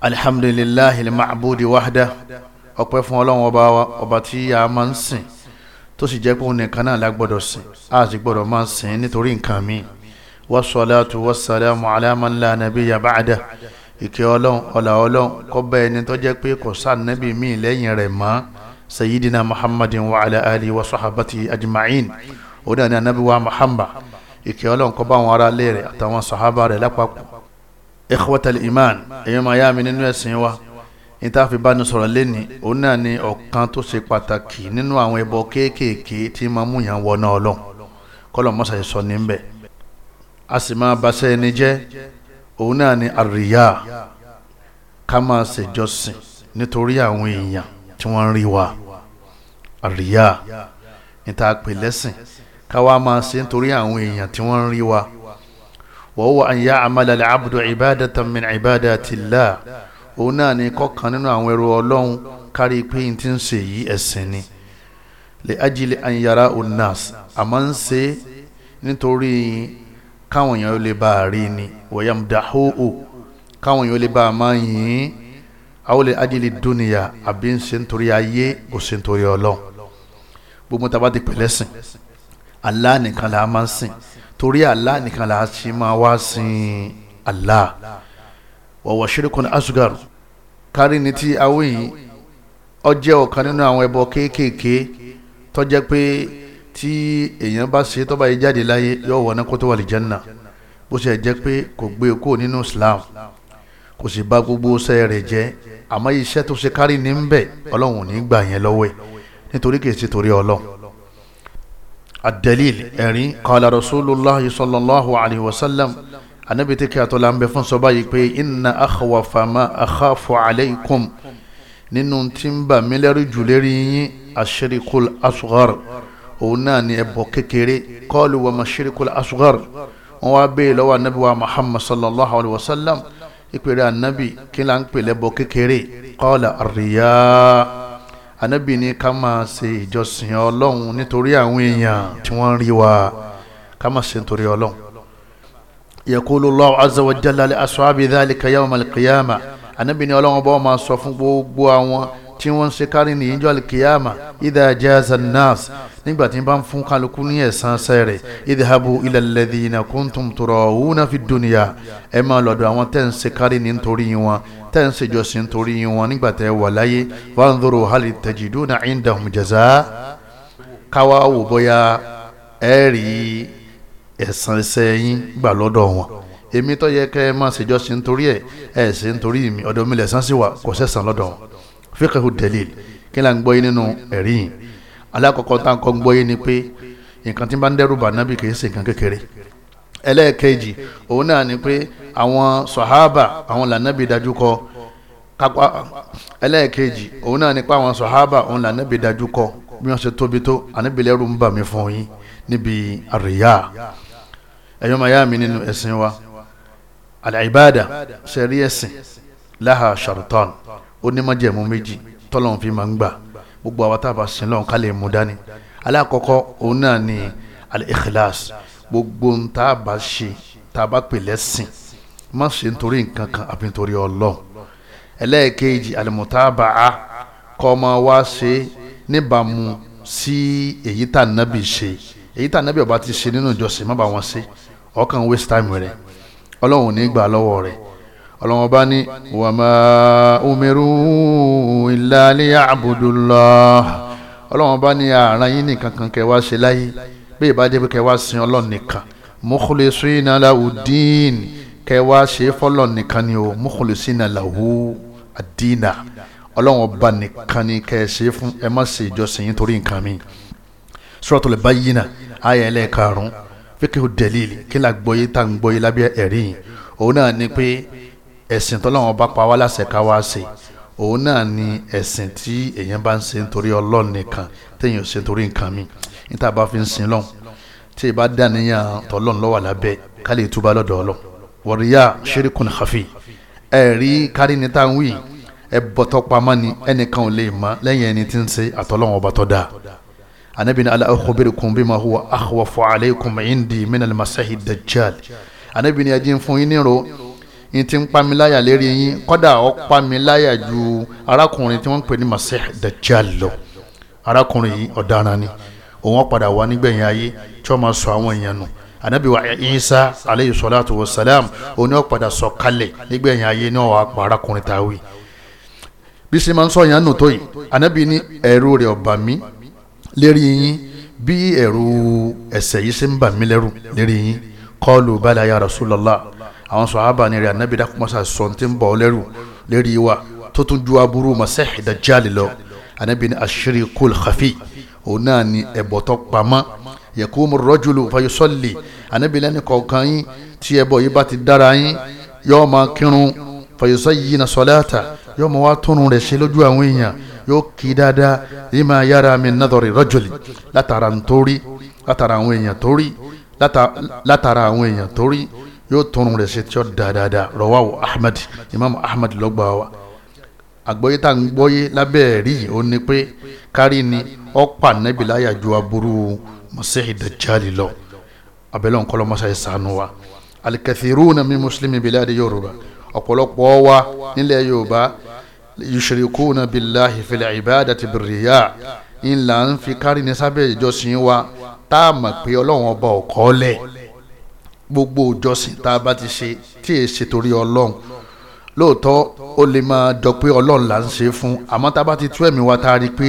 alhamdulillahi al-ma'budi wahda ọpẹ́ fún ọlọ́run ọba wa ọba tí a máa ń sìn tó sì jẹ́ pé òun nìkan náà la gbọ́dọ̀ sìn a sì gbọ́dọ̀ máa ń sìn nítorí nǹkan mi wasalaatu wasalaamu alaama ńlá nàbí yabaada ìkẹ́ ọlọ́run ọ̀là ọlọ́run kọ́bẹ̀ ẹni tó jẹ́ pé kò sáà nàbí mi lẹ́yìn rẹ̀ mọ́ sayidina muhammadin wa ala ali wa sahabati ajma'in òun náà anabi wa muhammad ìkẹ́ ọlọ́run kọ́bẹ̀ àwọn ará lé àtàwọn sahaba rẹ̀ lápapọ̀ ikhwatal iman èyí máa yá mi nínú ẹ̀sìn wa ní tá a fi bá ní sọ̀rọ̀ lẹ́ni òun náà ni ọ̀kan tó ṣe pàtàkì nínú àwọn ẹbọ kéékèèké tí máa mú yàn wọ náà lọ kọ́lọ̀ mọ́sà yìí sọ níbẹ̀ a sì máa baṣẹ́ ẹni jẹ́ òun náà ni àríyá ká máa ṣèjọsìn nítorí àwọn èèyàn tí wọ́n ń rí wa àríyá ní tá a pè lẹ́sìn ká wá máa ṣe nítorí àwọn èèyàn tí wọ́n wa wọ́wọ́ àyà àmàlẹ̀ àbùdó ìbádatan min ibadatillah òun náà ní kọ́kàn nínú àwọn ẹrú ọlọ́run kárí pé n ti ń ṣe yí ẹ̀sìn ni lè ajílẹ̀ àyàrá onas àmọ́ ń ṣe nítorí káwọn èèyàn lè bá a rí ni wọ́yàmdáhóhó káwọn èèyàn lè bá a máa yìn àwọn lè ajílẹ̀ dúnìyà àbí ń ṣe nítorí ayé kò ṣe nítorí ọlọ́run gbogbo tá a bá ti pẹ̀lẹ́sìn Allah nìkan là á máa ń sìn torí Allah nìkan là á sì máa wá sin Allah wọ̀wọ̀ ṣírìkùn asugar kárí ni tí awé yìí ó jẹ́ ọ̀kan nínú àwọn ẹbọ kéékèèké tó jẹ́ pé tí èèyàn bá ṣe tó bá yìí jáde láyé yóò wọ̀ ní kó tó wà lè jẹ́nà bó ṣe jẹ́ pé kò gbé kó nínú Islam kò sì bá gbogbo iṣẹ́ rẹ̀ jẹ́ àmọ́ iṣẹ́ tó ṣe kárí ní ń bẹ ò ní gbà yẹn lọ́wọ́ nítorí kìí ṣe torí ọlọ́run ad-dalil ẹ̀rín qala rasulullah sallallahu alayhi wa sallam anabi tí kí atọ́lá ń bẹ fún sọ báyìí pé inna akhwafa ma akhafu alaykum nínú tí ń bà mí lẹ́rù jù lérí yín ashirikul asghar òun náà ni ẹbọ kékeré qalu wa ma shirikul asghar wọn wá bẹ́ẹ̀ lọ́wọ́ anabi wa muhammad sallallahu alayhi wa sallam ìpèrè anabi kí là ń pè lẹ́bọ kékeré qala ar-riya anabi ni ká máa ṣe ìjọsìn ọlọ́run nítorí àwọn èèyàn tí wọ́n ń rí wa ká máa ṣe nítorí ọlọ́run. yakulu Allahu azza wa jalla li dhalika yawm al anabi ni ọlọ́run bá wọn máa sọ fún gbogbo àwọn tí wọ́n ń ṣe kárí ní ìjọ alikiyama idha jaza nas nígbà tí n bá ń fún kálukú ní ẹ̀san sẹ́rẹ̀ idhabu ila alladhina kuntum turawuna fi dunya ẹ máa lọ́dọ̀ àwọn tẹ́ ń ṣe kárí ní nítorí wọn tẹ́ ń ṣèjọsìn nítorí wọn nígbà tẹ́ wà láyé wanzuru hal tajiduna indahum jaza káwá wò bóyá ẹ rí ẹ̀san sẹ́yìn gbà lọ́dọ̀ wọn èmi tó yẹ kẹ́ máa ṣèjọsìn nítorí ẹ̀ ẹ̀ ṣe nítorí mi ọ̀dọ̀ mi lẹ̀san sí wa kò sẹ́san lọ́dọ̀ wọn fíkàhù dalil kí là ń gbọ́ yín nínú ẹ̀rí yìí alákọ̀ọ́kọ́ tá à ń kọ́ gbọ́ yín ni pé nǹkan tí bá ń dẹ́rù bà nábì kì í ṣe nǹkan kékeré ẹlẹ́ẹ̀kejì òun náà ni pé àwọn sọ̀hábà àwọn lànàbì dájú kọ kápá ẹlẹ́ẹ̀kejì òun náà ni pé àwọn sọ̀hábà àwọn lànàbì dájú kọ bí wọ́n ṣe tóbi tó ànábìlẹ́rù ń bà mí fún yín níbi àríyá ẹ̀yọ́ màá yá mi nínú ẹ̀sìn wa al-ibada ṣe rí ẹ̀sìn láha shartan ó ní májẹ̀mú méjì tọ́lọ́run fi máa ń gbà gbogbo àwa tá a bá sin lọ́run ká lè mú dání alákọ̀ọ́kọ́ òun náà ni al-ikhlas gbogbo ń tá a bá ṣe tá a bá pè lẹ́sìn má ṣe nítorí nǹkan kan àbí nítorí ọlọ́run ẹlẹ́ẹ̀kejì al-mutaba'a kọ́ ọmọ wa ṣe níbàámu sí èyí tá nábì ṣe èyí tá nábì ọba ti ṣe nínú ìjọsìn má bá wọn ṣe ọkàn waste time rẹ ọlọ́run ò ní gbà lọ́wọ́ rẹ̀ ọlọ́wọ́n bá ní wa ma umiru illa liya'budullah ọlọ́wọ́n bá ní ààrùn yín nìkan kan kẹ wá ṣe láyé bí ìbájẹ́ pé kẹ wá sin ọlọ́run nìkan mukhlisina lahu dín kẹ wá ṣe fọlọ́run nìkan ni o mukhlisina lahu àdínà ọlọ́wọ́n bá nìkan ni kẹ ṣe fún ẹ má ṣe ìjọsìn yín torí nǹkan mi Suratul Bayyina ayé ẹlẹ́ẹ̀karùn-ún fíkẹ́ ò kí ẹ̀sìn tọ́lọ́wọ́n bá pa wá láṣẹ ká wá ṣe òun náà ni ẹ̀sìn tí èèyàn bá ń ṣe nítorí ọlọ́run nìkan téèyàn ò ṣe nítorí nǹkan mi níta bá fi ń sin lọ́hùn tí ìbá dàníyàn tọ́lọ́run lọ́wọ́ lábẹ́ ká lè túbà lọ́dọ̀ ọlọ́ wọ̀ríyá ṣerékùn hafi ẹ̀rí kárí ni tá à ń wí ẹ̀bọ̀tọ̀ pamọ́ ni ẹnìkan ò lè mọ lẹ́yìn ẹni tí ń ṣe àtọ́lọ́run ọba tó dáa anabi ni ala akhbirukum bima huwa akhwafu alaykum indi min al-masih ad-dajjal anabi ni ajin fún yín nírò yín ti ń pamiláyà lérí yín kọ́dà ó pamiláyà ju arákùnrin tí wọ́n ń pè ní Masih Dajjal lọ arákùnrin yìí ọ̀daràn ni òun padà wá nígbẹ̀yìn ayé tí wọ́n máa sọ àwọn èèyàn nù anabi wa Isa aleyhi salatu wa salam òun yóò padà sọ kalẹ̀ nígbẹ̀yìn ayé ní ọ̀wá pa arákùnrin táwí bí sinmi máa ń sọ yẹn nù tó yìí anabi ní ẹ̀rù rẹ̀ ọ̀bà mi lérí yín bí ẹ̀rù ẹ̀ṣẹ̀ yìí ṣe ń bà mí lẹ́rù lérí yín qalu bala ya àwọn sọ̀hábà ni rẹ̀ anabi dakumasa sọ̀ntì ń bọ̀ lẹ́rù lérí wa tó tún ju aburú masẹ́hì dajjali lọ anabi ni ashirikul khafi òun náà ni ẹ̀bọ̀ tó pamọ́ yakumu rajulu fayosọ́lì anabi lẹ́ni kọ̀ọ̀kan yín tí ẹ̀bọ̀ yìí bá ti dára yín yóò máa kírun fayosọ́ yìí na sọ́láàtà yóò máa wá túnrun rẹ̀ ṣe lójú àwọn èèyàn yóò kí dáadáa yìí máa yára mi nadọ̀rì rajuli látara nítorí látara àwọn èèyàn torí látara àwọn èèyàn torí yóò tọrùn rẹ̀ ṣe tí ó dáadáa rọwáwò ahmed imam ahmed lọ́gbà wa àgbọ́yé tá à ń gbọ́yé lábẹ́ rí yìí ó ní pé kárí ni ó pa nẹ́bí láyà ju aburú mọ̀sẹ́hì dajjali lọ abẹ́lẹ́ òǹkọ́lọ́ mọ́sá yìí sànú wa alikẹ́thìrúnà min mùsùlùmí biladi yorùbá ọ̀pọ̀lọpọ̀ wa nílẹ̀ yorùbá yushrikuna billahi fil ibadati birriya ńlá ń fi kárí ni sábẹ́ ìjọsìn wa tá a mọ̀ pé ọlọ́run ọba ọ̀kọ́ lẹ̀ gbogbo ìjọsìn tá a bá ti ṣe tí èyí ṣe torí ọlọ́run lóòótọ́ ó lè máa jọ pé ọlọ́run là ń ṣe fún àmọ́ tá a bá ti tú ẹ̀mí wa tá a rí i pé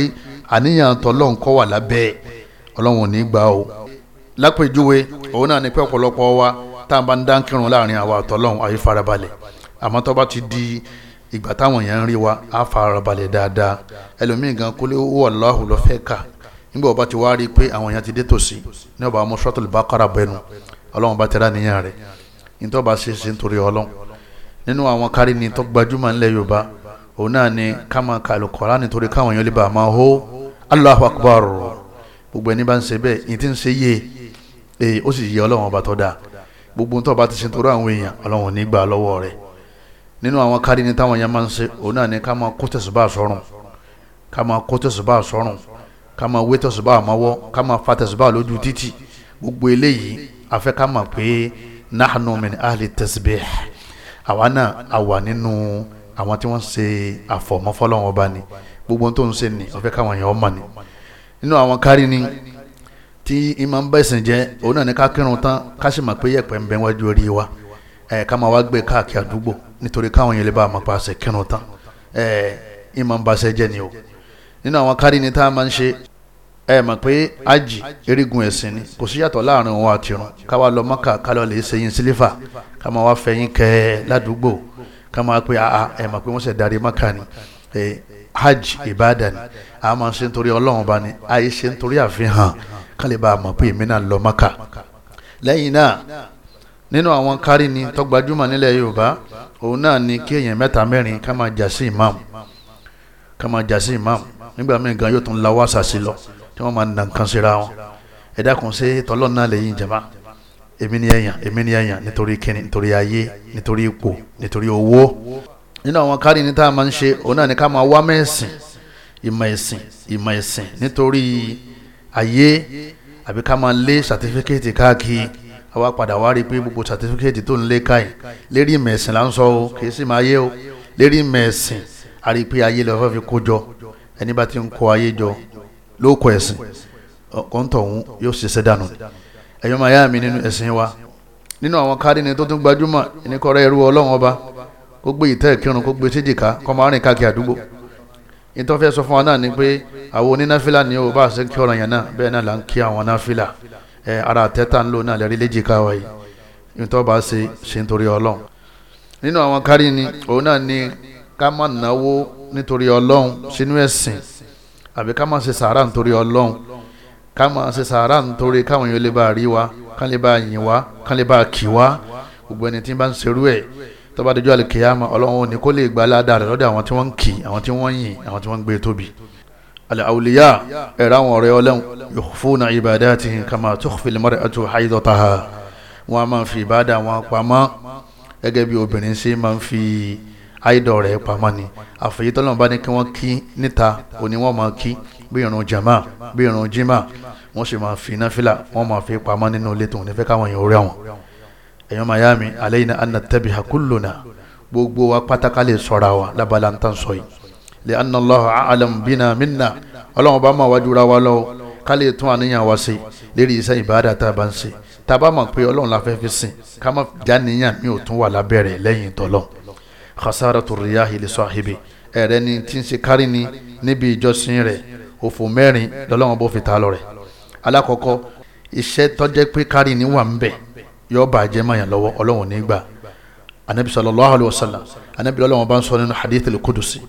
àníyàn tọ́lọ́run kọ́ wà lábẹ́ ẹ̀ ọlọ́run ò ní gbà o. lápèjúwe òun náà ni pé ọ̀pọ̀lọpọ̀ wa tá a bá ń dánkírun láàrin àwa àtọ́lọ́run àyè farabalẹ̀ àmọ́ tó bá ti di ìgbà táwọn èèyàn ń rí wa á farabalẹ̀ dáadáa ẹlòmíì gan kó lè wọ Allahu lọ fẹ́ kà nígbà ó ti wá rí i pé àwọn èèyàn ti dé tòsí ní ó bá mú Suratul Baqara bẹnu ọlọ́run bá tẹ́lá níyàn rẹ̀ nítorí bá ṣe ṣe nítorí ọlọ́run nínú àwọn kárí ni tó gbajúmọ̀ nílẹ̀ yorùbá òun náà ni ká máa ka Al-Qur'an nítorí káwọn èèyàn lè bá a máa hó Allahu Akbar gbogbo ẹni bá ń ṣe bẹ́ẹ̀ ìyẹn ti ń ṣe yé e ó sì yẹ ọlọ́run ọba tó dáa gbogbo tó bá ti ṣe nítorí àwọn èèyàn ọlọ́run ní gbà lọ́wọ́ rẹ̀ nínú àwọn kárí ni táwọn èèyàn máa ń ṣe òun náà ni ká máa kó tẹ̀sùbá sọ́rùn ká máa kó tẹ̀sùbá sọ́rùn ká máa wé tẹ̀sùbá àmọ́wọ́ ká máa fa tẹ̀sùbá lójú títì gbogbo eléyìí afẹ́ ká mọ̀ pé nahanu min ahli tasbih àwa náà àwa nínú àwọn tí wọ́n ṣe àfọ̀mọ́fọ́lọ́wọ́n bá ní gbogbo tó ń ṣe ní ọ̀fẹ́ káwọn èèyàn ọmọ ni nínú àwọn kárí ni tí ìmọ̀ ń bẹ̀sìn jẹ́ òun náà ní ká kírun tán ká sì mọ̀ pé yẹ̀pẹ̀ ń bẹ wájú orí wa ẹ̀ ká máa wá gbé káàkiri àdúgbò nítorí káwọn yẹn lè bá àmọ́ pàṣẹ kírun tán ni o nínú àwọn kárí ni tá a máa ń ẹ mọ̀ pé ají erigun ẹ̀sìn ni kò sí yàtọ̀ láàrin òun àti irun káwa lọ mọ́kà kálọ̀ lè ṣe yín sílífà ká máa wá fẹ̀yìn kẹ́ ẹ ládùúgbò ká máa pé àà ẹ mọ̀ pé wọ́n ṣẹ̀ darí mọ́kà ni hajj ìbàdàn ni a máa ń ṣe nítorí ọlọ́run bá ní àyè ṣe nítorí àfihàn ká lè bá a mọ̀ pé èmi náà lọ mọ́kà lẹ́yìn náà nínú àwọn kárí ni tó gbajúmọ̀ nílẹ̀ yorùbá òun náà ni kí èèyàn mẹ́ta mẹ́rin ká máa jà sí imam ká máa jà sí imam nígbà míì gan yóò tún lawọ́ àṣàṣì lọ tí wọ́n máa ń nǹkan síra wọn ẹ̀dá kan ṣe tọ́lọ́ náà lè yín jama èmi ni ẹ̀yàn èmi ni ẹ̀yàn nítorí kíni nítorí ayé nítorí ipò nítorí owó nínú àwọn kárí ní tá a máa ń ṣe òun náà ni ká máa wá mẹ́sìn ìmọ̀ ẹ̀sìn ìmọ̀ ẹ̀sìn nítorí ayé àbí ká máa lé sàtífíkẹ́ẹ̀tì káàkiri àwa padà wá rí i pé gbogbo sàtífíkẹ́ẹ̀tì tó ń lé káyìn lérí ìmọ̀ ẹ̀sìn là ń sọ o kì í sì máa yé o lérí ìmọ̀ ẹ̀sìn a rí i pé ayé lọ́fẹ́ fi kó jọ ẹni bá ti ń kó ayé jọ ló kọ ẹ̀sìn kọ́ńtọ̀ yóò ṣiṣẹ́ dànù ẹ̀yọ́ máa mi nínú ẹ̀sìn wa nínú àwọn kárínì tó tún gbajúmọ̀ ìníkọ́rẹ́ ẹrú ọlọ́run ọba kó gbé ìtẹ́ ìkírun kó gbé séjìká kó máa káàkiri àdúgbò ìtọ́fẹ́ sọ fún wa ni pé ni o bá ṣe ara náà lẹ́rí ìtọ́ bá ṣe ṣe nítorí ọlọ́run nínú àwọn òun náà àbí ká máa ṣe sàárà nítorí ọlọ́run ká máa ṣe sàárà nítorí káwọn yóò lè bá rí wa kán lè bá yìn wa kán lè bá kì wa gbogbo ẹni tí ń bá ń ṣerú ẹ̀ tó bá dojú àlùkìyàmà ọlọ́run ò ní kó lè gba aládàá rẹ̀ lọ́dọ̀ àwọn tí wọ́n ń kì àwọn tí wọ́n ń yìn àwọn tí wọ́n ń gbé tóbi alàwùlíyà ẹ̀rọ àwọn ọ̀rẹ́ ọlọ́run yukhfuna ibadatihim kama tukhfi almar'atu haydataha wọn máa fi ìbádà wọn pamọ́ gẹ́gẹ́ bí obìnrin ṣe máa fi àìdọ̀ rẹ̀ pamọ́ ni àfẹ̀yí tọ́lọ́mọba ní kí wọ́n kí níta òní wọ́n máa kí bí irun jama bí irun jima wọ́n sì máa fi náfìlà wọ́n máa fi pamọ́ nínú ilé tó ń fẹ́ káwọn èèyàn orí àwọn. ẹ̀yọ́ mayami aleyna anna tẹ́bi hakulona gbogbo wa pátákà lè sọ̀ra wa lábala ń tán sọ yìí lè anna Allahu alam bina minna ọlọ́run bá máa wájú ra wa lọ́wọ́ ká lè tún àníyàn wa ṣe lérí iṣẹ́ ìbáradà tá a bá ń ṣe tá a bá mọ̀ pé ọlọ́run la fẹ́ fi sìn ká má jáníyàn mi ò tún wà lábẹ́rẹ̀ lẹ́yìn tọ́lọ́run khasaratu riyahi li sahibi ẹ̀rẹ́ ni tí ń ṣe kárí ni níbi ìjọsìn rẹ̀ òfò mẹ́rin lọ́lọ́wọ́n bó fi ta lọ rẹ̀ alákọ̀ọ́kọ́ iṣẹ́ tọ́jẹ́ pé kárí ni wà ń bẹ̀ yọ bàjẹ́ mọ̀yàn lọ́wọ́ ọlọ́wọ́n nígbà anabi sallallahu alayhi wa sallam anabi lọ́lọ́wọ́n bá ń sọ nínú hadith al-qudusi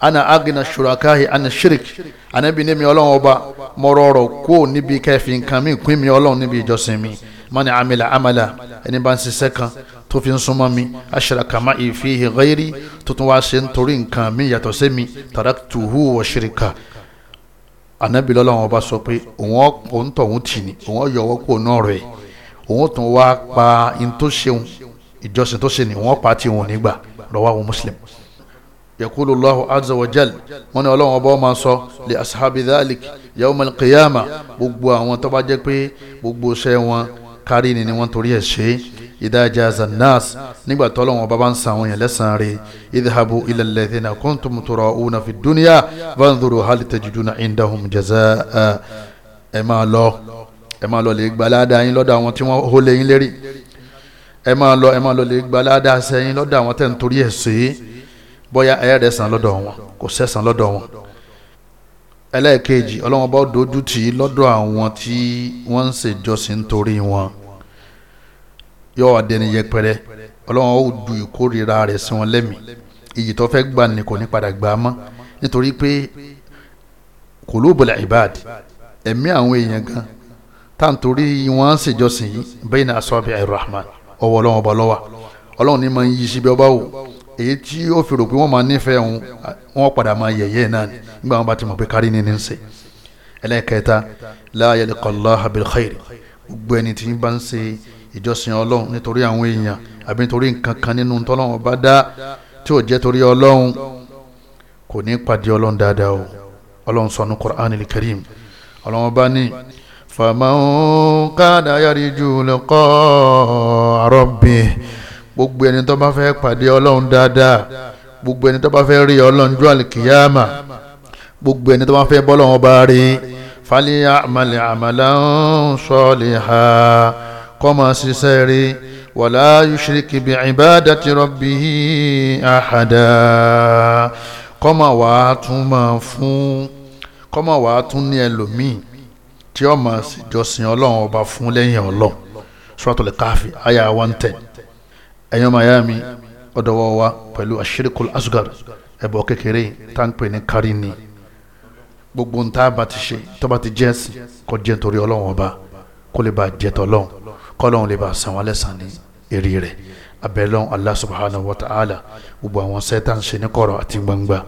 ana agina shurakahi ana shirik anabi ní mi ọlọ́wọ́n ọba mọ̀rọ̀ọ̀rọ̀ kó níbi kẹfì nǹkan mi kún mi ọlọ́wọ́n níbi ìjọsìn mi mani amila amala ẹni bá ń ṣiṣẹ́ kan tó fi ń súnmọ́ mi aṣaraka ma ìfihi ghayri tó tún wáá ṣe ń torí nǹkan mi yàtọ̀ sí mi taraktuhu wa shirika anabi lọ́lọ́wọ́n ọba sọ pé òun òun tọ̀hún tì ní òun yọwọ́ kó náà rẹ̀ òun tún wáá pa in tó ṣeun ìjọsìn tó ṣe ni òun pa tí òun nígbà rawahu muslim yakulu allahu azza wa jal wọn ni ọlọ́run ọba ọmọ sọ li ashabi dhalik yawmal qiyama gbogbo àwọn tó bá pé gbogbo iṣẹ́ wọn kárí ni ni wọ́n torí ẹ̀ ṣe ìdájà zanas nígbà tọ́lọ́ wọn bàbá ń san àwọn yẹn lẹ́sàn-án rẹ̀ idhabu ila alladhina kuntum tura'una fi dunya vanzuru hal tajiduna indahum jazaa ẹ máa lọ ẹ máa lọ lè gbalada yín lọ́dọ̀ àwọn tí wọ́n hó lé yín lérí ẹ máa lọ ẹ máa lọ lè gbalada sẹ́yìn lọ́dọ̀ àwọn tẹ̀ ń torí ẹ̀ ṣe bóyá ẹ̀ẹ́dẹ̀sán lọ́dọ̀ wọn kò sẹ́sán lọ́dọ̀ wọn ẹlẹ́ẹ̀kejì ọlọ́wọ́n bá dojú tì í lọ́dọ̀ àwọn tí wọ́n ń ṣèjọsìn nítorí wọn yóò wá dẹni yẹpẹrẹ ọlọ́wọ́n ó ju ìkórira rẹ̀ sí wọn lẹ́mìí iyì tó fẹ́ gbà ní kò ní padà gbà á mọ́ nítorí pé kulubul ibad ẹ̀mí àwọn èèyàn gan táǹtorí wọn ṣèjọsìn yìí bayna asabi ar-rahman ọwọ́ ọlọ́wọ́n bá lọ́wọ́ ọlọ́wọ́n ní máa ń yí síbi ọba èyí tí ó fi rò pé wọ́n máa nífẹ̀ẹ́ òun wọ́n padà máa yẹ̀yẹ́ náà ni nígbà wọn bá ti mọ̀ pé kárí ni ní ṣe ẹlẹ́kẹta la yalqa Allah bil khair gbogbo ẹni tí ń bá ń ṣe ìjọsìn ọlọ́run nítorí àwọn èèyàn àbí nítorí nǹkan kan nínú tọ́lọ́run bá dá tí ò jẹ́ torí ọlọ́run kò ní pàdé ọlọ́run dáadáa o ọlọ́run sọ ní Qur'an al-Karim ọlọ́run bá ní faman kana yarju liqa rabbih gbogbo ẹni tó bá fẹ́ pàdé ọlọ́run dáadáa gbogbo ẹni tó bá fẹ́ rí ọlọ́run ju àlìkìyàmà gbogbo ẹni tó bá fẹ́ bọ́lọ́run bá rí fali amali amalan soliha kọ́mọ ṣiṣẹ́ rí wàlá yushriki bi ibadati rabbihi ahada kọ́mọ wàá tún máa fún kọ́mọ wàá tún ní ẹlòmíì tí ó máa ṣèjọsìn ọlọ́run ọba fún lẹ́yìn ọlọ́run Suratul Kahfi àyà one ten ẹ̀yàn Miami ọ̀dọ̀wọ́ wa pẹ̀lú ashirikul asgar ẹ̀bọ̀ kékeré tá ń pè ní kárí ni gbogbo ntá bá ti ṣe tó bá ti jẹ́ sí kó jẹ́ nítorí ọlọ́run ọba kó lè bá jẹ́ tọ́lọ́run kọ́lọ́run lè bá san wọn ní èrè rẹ̀ abẹ́lọ́run Allah subhanahu wa ta'ala gbogbo àwọn sẹ́tàn ṣe ní kọ̀rọ̀ àti gbangba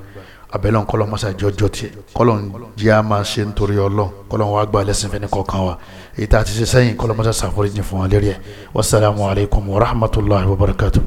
abẹ́lẹ̀ kọ́lọ́ mọ́sá jọjọ tiẹ̀ kọ́lọ́ jẹ́ a máa ṣe nítorí ọlọ́ kọ́lọ́ wa gba ẹlẹ́sìn fẹ́ni kọ̀ọ̀kan wa èyí tá a ti ṣe sẹ́yìn kọ́lọ́ mọ́sá ṣàforíjì fún wa lérí ẹ̀ wasalaamualeykum wa rahmatulahi wa barakatuh.